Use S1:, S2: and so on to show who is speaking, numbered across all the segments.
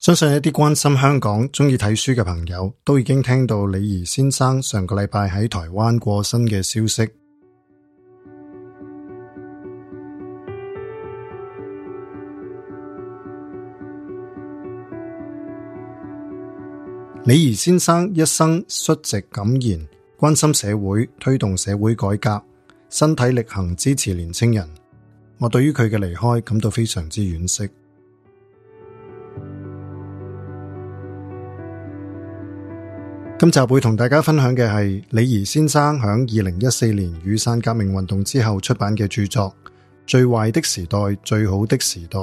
S1: 相信一啲關心香港、中意睇書嘅朋友，都已經聽到李怡先生上個禮拜喺台灣過身嘅消息。李怡先生一生率直敢言，關心社會，推動社會改革，身體力行支持年青人。我對於佢嘅離開感到非常之惋惜。今集會同大家分享嘅係李怡先生喺二零一四年雨傘革命運動之後出版嘅著作《最壞的時代，最好的時代》。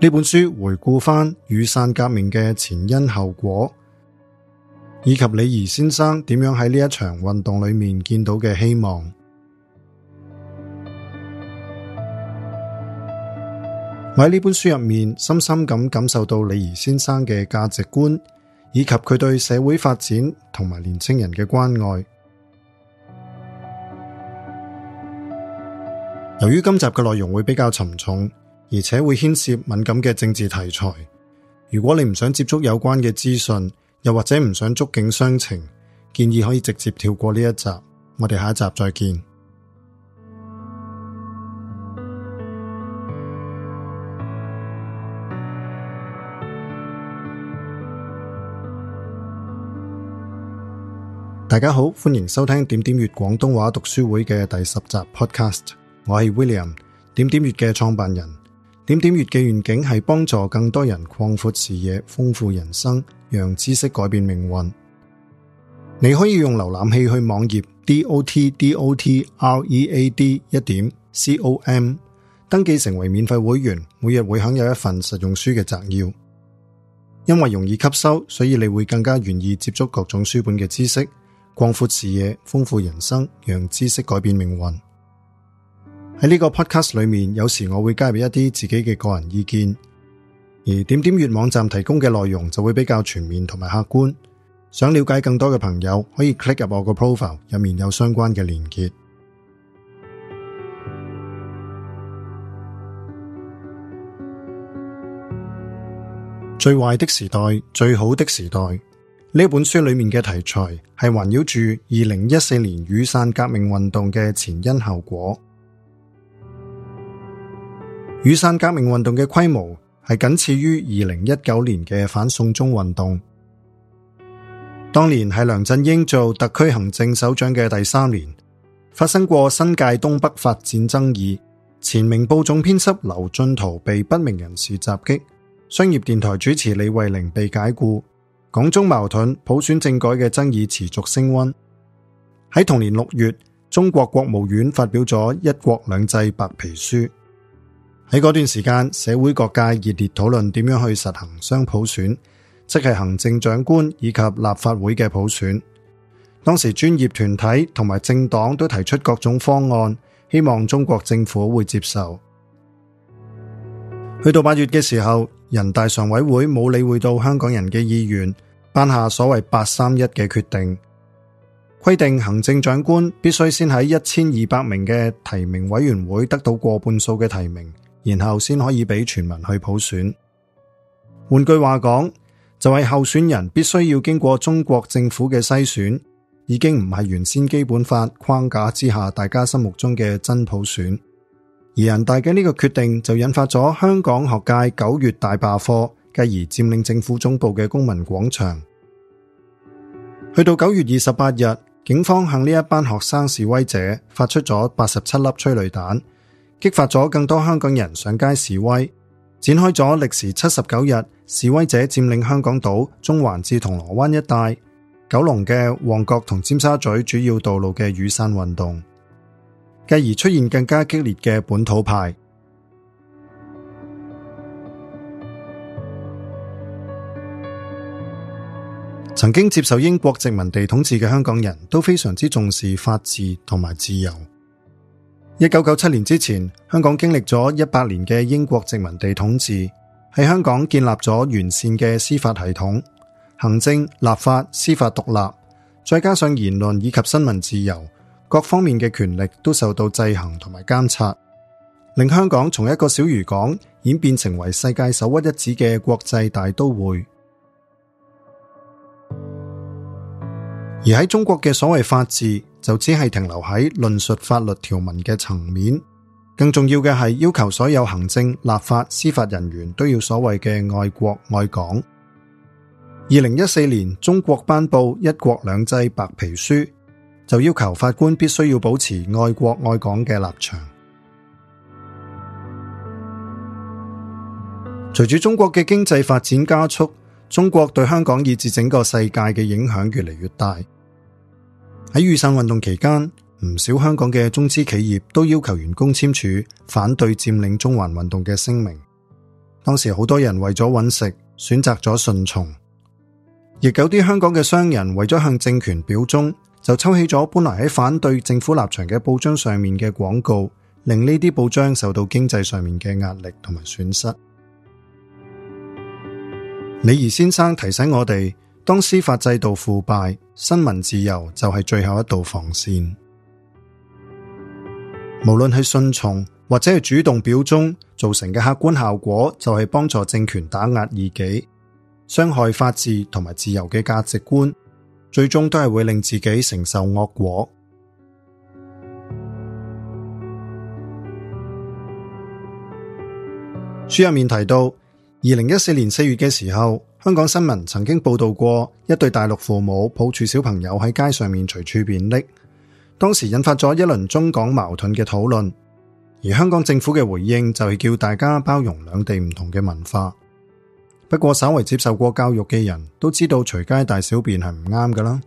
S1: 呢本書回顧翻雨傘革命嘅前因後果，以及李怡先生點樣喺呢一場運動裏面見到嘅希望。我喺呢本書入面，深深咁感受到李怡先生嘅價值觀，以及佢對社會發展同埋年輕人嘅關愛。由於今集嘅內容會比較沉重，而且會牽涉敏感嘅政治題材，如果你唔想接觸有關嘅資訊，又或者唔想觸景傷情，建議可以直接跳過呢一集。我哋下一集再見。大家好，歡迎收聽點點粵廣東話讀書會嘅第十集 podcast。我係 William，點點粵嘅創辦人。點點粵嘅願景係幫助更多人擴闊視野、豐富人生，讓知識改變命運。你可以用瀏覽器去網頁 dot dot read 一點 com 登記成為免費會員，每日會享有一份實用書嘅摘要。因為容易吸收，所以你會更加願意接觸各種書本嘅知識。擴闊視野豐富人生讓知識改變命運。喺呢個 podcast 裏面，有時我會加入一啲自己嘅個人意見，而點點閱網站提供嘅內容就會比較全面同埋客觀。想了解更多嘅朋友，可以 click 入我個 profile，入面，有相關嘅連結。最壞的時代，最好的時代。呢本書裏面嘅題材係環繞住二零一四年雨傘革命運動嘅前因後果。雨傘革命運動嘅規模係僅次於二零一九年嘅反送中運動。當年係梁振英做特區行政首長嘅第三年，發生過新界東北發展爭議。前明報總編輯劉進圖被不明人士襲擊，商業電台主持李慧玲被解僱。港中矛盾，普選政改嘅爭議持續升溫。喺同年六月，中國國務院發表咗《一國兩制》白皮書。喺嗰段時間，社會各界熱烈討論點樣去實行雙普選，即係行政長官以及立法會嘅普選。當時專業團體同埋政黨都提出各種方案，希望中國政府會接受。去到八月嘅時候，人大常委會冇理會到香港人嘅意願，頒下所謂八三一嘅決定，規定行政長官必須先喺一千二百名嘅提名委員會得到過半數嘅提名，然後先可以俾全民去普選。換句話講，就係候選人必須要經過中國政府嘅篩選，已經唔係原先基本法框架之下大家心目中嘅真普選。而人大嘅呢個決定就引發咗香港學界九月大罷課，繼而佔領政府總部嘅公民廣場。去到九月二十八日，警方向呢一班學生示威者發出咗八十七粒催淚彈，激發咗更多香港人上街示威，展開咗歷時七十九日示威者佔領香港島中環至銅鑼灣一帶、九龍嘅旺角同尖沙咀主要道路嘅雨傘運動。繼而出現更加激烈嘅本土派。曾經接受英國殖民地統治嘅香港人都非常之重視法治同埋自由。一九九七年之前，香港經歷咗一百年嘅英國殖民地統治，喺香港建立咗完善嘅司法系統、行政、立法、司法獨立，再加上言論以及新聞自由。各方面嘅權力都受到制衡同埋監察，令香港從一個小漁港演變成為世界首屈一指嘅國際大都會。而喺中國嘅所謂法治，就只係停留喺論述法律條文嘅層面。更重要嘅係，要求所有行政、立法、司法人員都要所謂嘅愛國愛港。二零一四年，中國頒布《一國兩制》白皮書。就要求法官必須要保持愛國愛港嘅立場。隨住中國嘅經濟發展加速，中國對香港以至整個世界嘅影響越嚟越大。喺雨傘運動期間，唔少香港嘅中資企業都要求員工簽署反對佔領中環運動嘅聲明。當時好多人為咗揾食，選擇咗順從，亦有啲香港嘅商人為咗向政權表忠。就抽起咗本來喺反對政府立場嘅報章上面嘅廣告，令呢啲報章受到經濟上面嘅壓力同埋損失。李怡先生提醒我哋，當司法制度腐敗，新聞自由就係最後一道防線。無論係順從或者係主動表忠，造成嘅客觀效果就係幫助政權打壓異己，傷害法治同埋自由嘅價值觀。最終都係會令自己承受惡果。書入面提到，二零一四年四月嘅時候，香港新聞曾經報道過一對大陸父母抱住小朋友喺街上面隨處便溺，當時引發咗一輪中港矛盾嘅討論，而香港政府嘅回應就係叫大家包容兩地唔同嘅文化。不過，稍為接受過教育嘅人都知道，隨街大小便係唔啱㗎啦。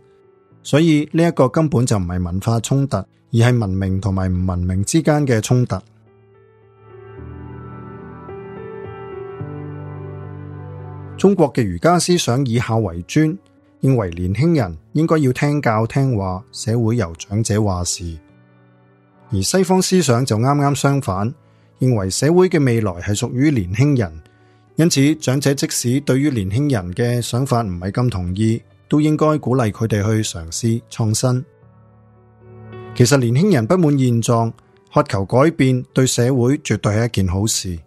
S1: 所以呢一個根本就唔係文化衝突，而係文明同埋唔文明之間嘅衝突。中國嘅儒家思想以孝為尊，認為年輕人應該要聽教聽話，社會由長者話事；而西方思想就啱啱相反，認為社會嘅未來係屬於年輕人。因此，長者即使對於年輕人嘅想法唔係咁同意，都應該鼓勵佢哋去嘗試創新。其實，年輕人不滿現狀、渴求改變，對社會絕對係一件好事。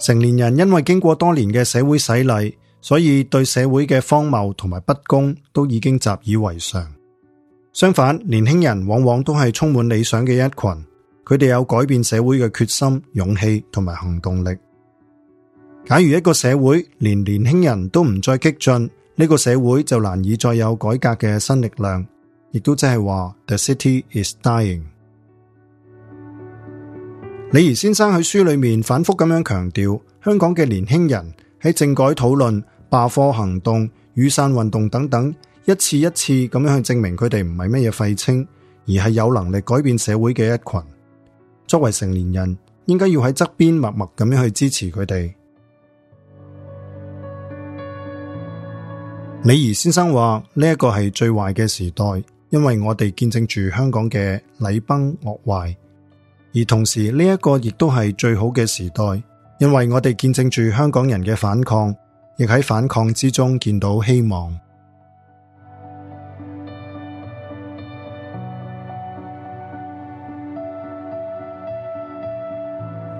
S1: 成年人因為經過多年嘅社會洗禮，所以對社會嘅荒謬同埋不公都已經習以為常。相反，年輕人往往都係充滿理想嘅一群，佢哋有改變社會嘅決心、勇氣同埋行動力。假如一個社會連年輕人都唔再激進，呢、這個社會就難以再有改革嘅新力量，亦都即係話，The city is dying。李怡先生喺書裏面反復咁樣強調，香港嘅年輕人喺政改討論、罷課行動、雨傘運動等等，一次一次咁樣去證明佢哋唔係乜嘢廢青，而係有能力改變社會嘅一群。作為成年人，應該要喺側邊默默咁樣去支持佢哋。李怡先生話：呢一個係最壞嘅時代，因為我哋見證住香港嘅禮崩樂壞；而同時呢一個亦都係最好嘅時代，因為我哋見證住香港人嘅反抗，亦喺反抗之中見到希望。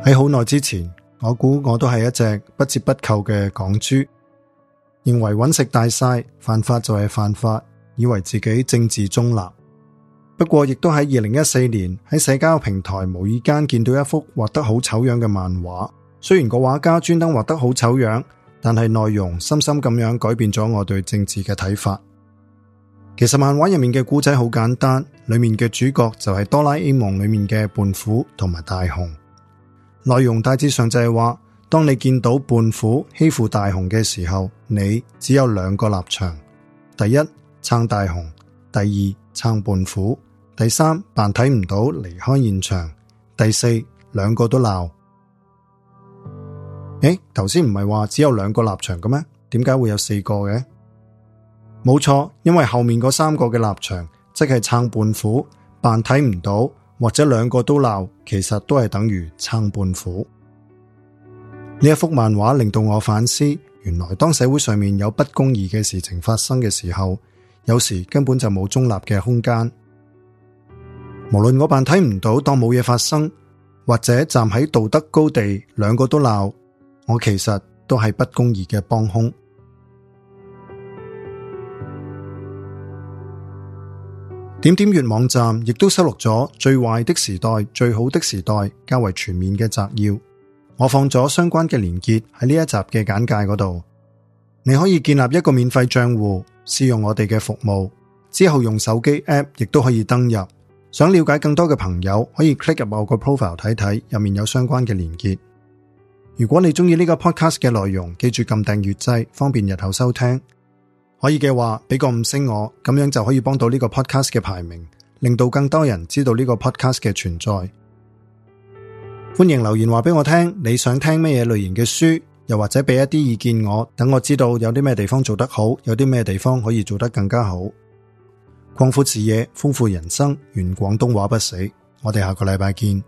S1: 喺好耐之前，我估我都係一隻不折不扣嘅港豬。認為搵食大曬，犯法就係犯法，以為自己政治中立。不過在，亦都喺二零一四年喺社交平台無意間見到一幅畫得好醜樣嘅漫畫。雖然個畫家專登畫得好醜樣，但係內容深深咁樣改變咗我對政治嘅睇法。其實漫畫入面嘅故仔好簡單，裏面嘅主角就係《哆啦 A 夢》裏面嘅胖虎同埋大雄。內容大致上就係話。當你見到胖虎欺負大雄嘅時候，你只有兩個立場：第一撐大雄，第二撐胖虎，第三扮睇唔到離開現場，第四兩個都鬧。誒，頭先唔係話只有兩個立場嘅咩？點解會有四個嘅？冇錯，因為後面嗰三個嘅立場，即係撐胖虎，扮睇唔到或者兩個都鬧，其實都係等於撐胖虎。呢一幅漫畫令到我反思，原來當社會上面有不公義嘅事情發生嘅時候，有時根本就冇中立嘅空間。無論我扮睇唔到，當冇嘢發生，或者站喺道德高地，兩個都鬧，我其實都係不公義嘅幫凶。點點閱網站亦都收錄咗《最壞的時代，最好的時代》較為全面嘅摘要。我放咗相關嘅連結喺呢一集嘅簡介嗰度，你可以建立一個免費賬戶試用我哋嘅服務，之後用手機 app 亦都可以登入。想了解更多嘅朋友可以 click 入我個 profile 睇睇，入面有相關嘅連結。如果你中意呢個 podcast 嘅內容，記住撳訂閱掣，方便日後收聽。可以嘅話，俾個五星我，咁樣就可以幫到呢個 podcast 嘅排名，令到更多人知道呢個 podcast 嘅存在。歡迎留言話俾我聽，你想聽咩嘢類型嘅書，又或者俾一啲意見我，等我知道有啲咩地方做得好，有啲咩地方可以做得更加好。擴闊視野，豐富人生，願廣東話不死。我哋下個禮拜見。